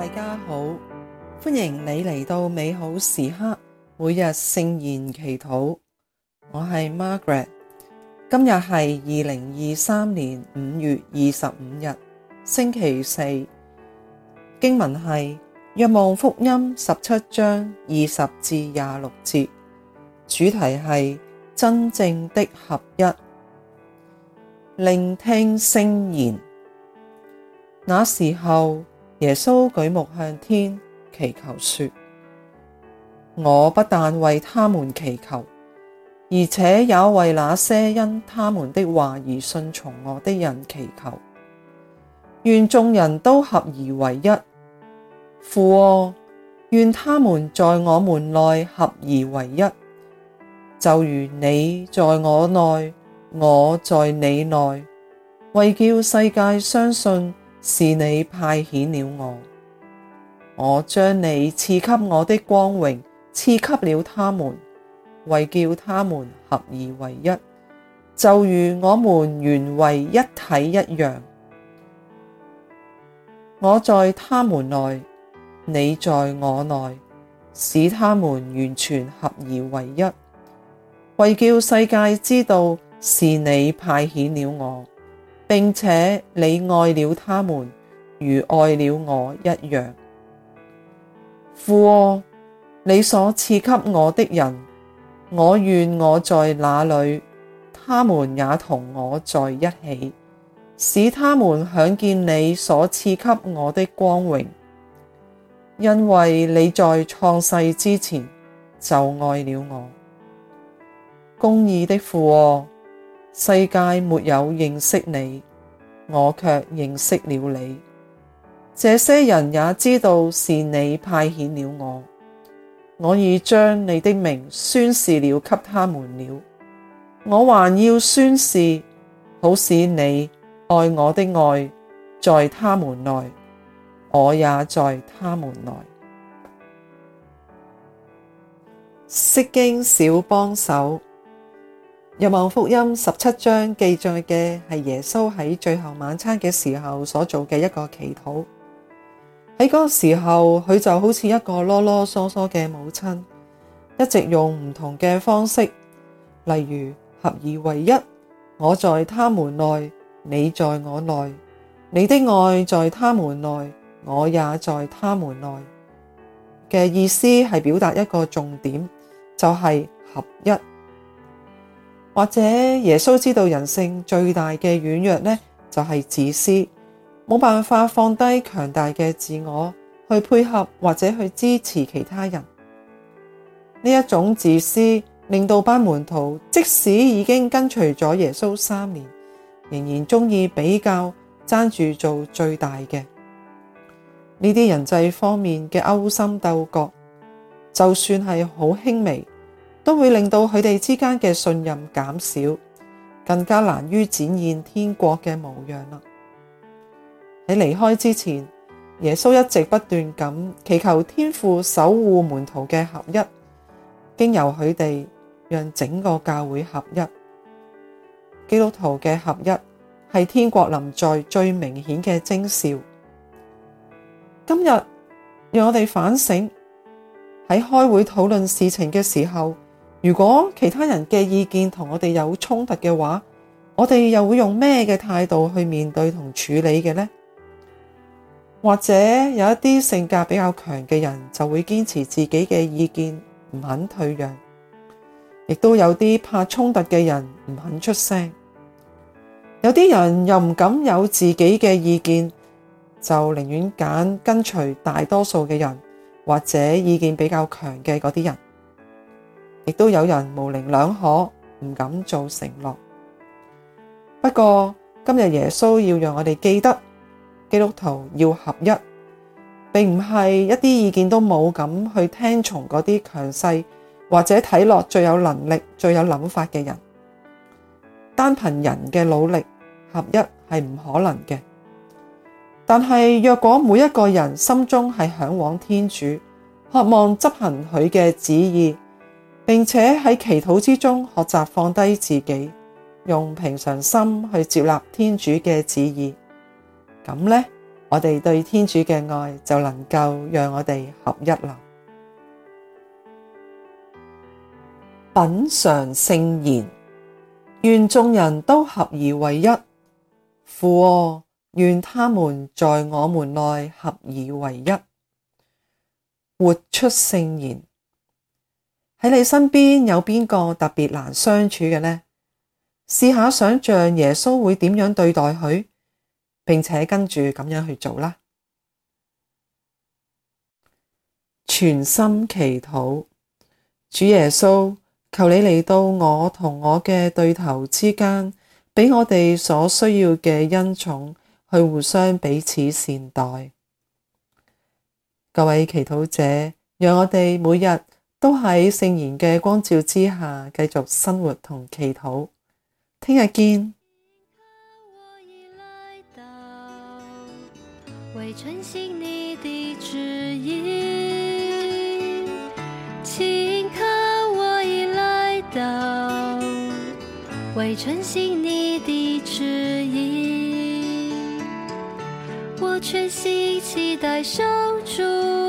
大家好，歡迎你嚟到美好時刻，每日聖言祈禱。我係 Margaret，今日係二零二三年五月二十五日，星期四。經文係《若望福音》十七章二十至廿六節，主題係真正的合一。聆聽聖言，那時候。耶穌舉目向天祈求說：我不但為他們祈求，而且也為那些因他們的話而信從我的人祈求。願眾人都合而為一，父啊，願他們在我們內合而為一，就如你在我內，我在你內，為叫世界相信。是你派遣了我，我將你賜給我的光榮賜給了他們，為叫他們合而為一，就如我們原為一體一樣。我在他們內，你在我內，使他們完全合而為一，為叫世界知道是你派遣了我。並且你愛了他們，如愛了我一樣。父啊，你所賜給我的人，我願我在那裡，他們也同我在一起，使他們享見你所賜給我的光榮，因為你在創世之前就愛了我。公義的父啊，世界沒有認識你，我却認識了你。這些人也知道是你派遣了我，我已將你的名宣示了給他們了。我還要宣示，好使你愛我的愛在他們內，我也在他們內。釋經小幫手。《若望福音》十七章記載嘅係耶穌喺最後晚餐嘅時候所做嘅一個祈禱。喺嗰個時候，佢就好似一個囉囉嗦嗦嘅母親，一直用唔同嘅方式，例如合而為一，我在他們內，你在我內，你的愛在他們內，我也在他們內嘅意思係表達一個重點，就係、是、合一。或者耶穌知道人性最大嘅軟弱呢，就係自私，冇辦法放低強大嘅自我去配合或者去支持其他人。呢一種自私，令到班門徒即使已經跟隨咗耶穌三年，仍然中意比較，爭住做最大嘅。呢啲人際方面嘅勾心鬥角，就算係好輕微。都會令到佢哋之間嘅信任減少，更加難於展現天國嘅模樣啦。喺離開之前，耶穌一直不斷咁祈求天父守護門徒嘅合一，經由佢哋讓整個教會合一，基督徒嘅合一係天國臨在最明顯嘅徵兆。今日讓我哋反省，喺開會討論事情嘅時候，如果其他人嘅意見同我哋有衝突嘅話，我哋又會用咩嘅態度去面對同處理嘅呢？或者有一啲性格比較強嘅人就會堅持自己嘅意見，唔肯退讓；亦都有啲怕衝突嘅人唔肯出聲。有啲人又唔敢有自己嘅意見，就寧願揀跟隨大多數嘅人，或者意見比較強嘅嗰啲人。亦都有人模稜兩可，唔敢做承諾。不過今日耶穌要讓我哋記得，基督徒要合一，並唔係一啲意見都冇敢去聽從嗰啲強勢或者睇落，最有能力、最有諗法嘅人。單憑人嘅努力，合一係唔可能嘅。但係若果每一個人心中係向往天主，渴望執行佢嘅旨意。並且喺祈禱之中學習放低自己，用平常心去接納天主嘅旨意。咁呢，我哋對天主嘅愛就能夠讓我哋合一啦。品嘗聖言，願眾人都合而為一。父啊，願他們在我們內合而為一，活出聖言。喺你身邊有邊個特別難相處嘅呢？試下想象耶穌會點樣對待佢，並且跟住咁樣去做啦。全心祈禱，主耶穌，求你嚟到我同我嘅對頭之間，俾我哋所需要嘅恩寵，去互相彼此善待。各位祈禱者，讓我哋每日。都喺聖言嘅光照之下，繼續生活同祈禱。聽日見。請看，我已來到，為承行祢的旨意。請看，我已來到，為承行祢的旨意。我全心期待上主。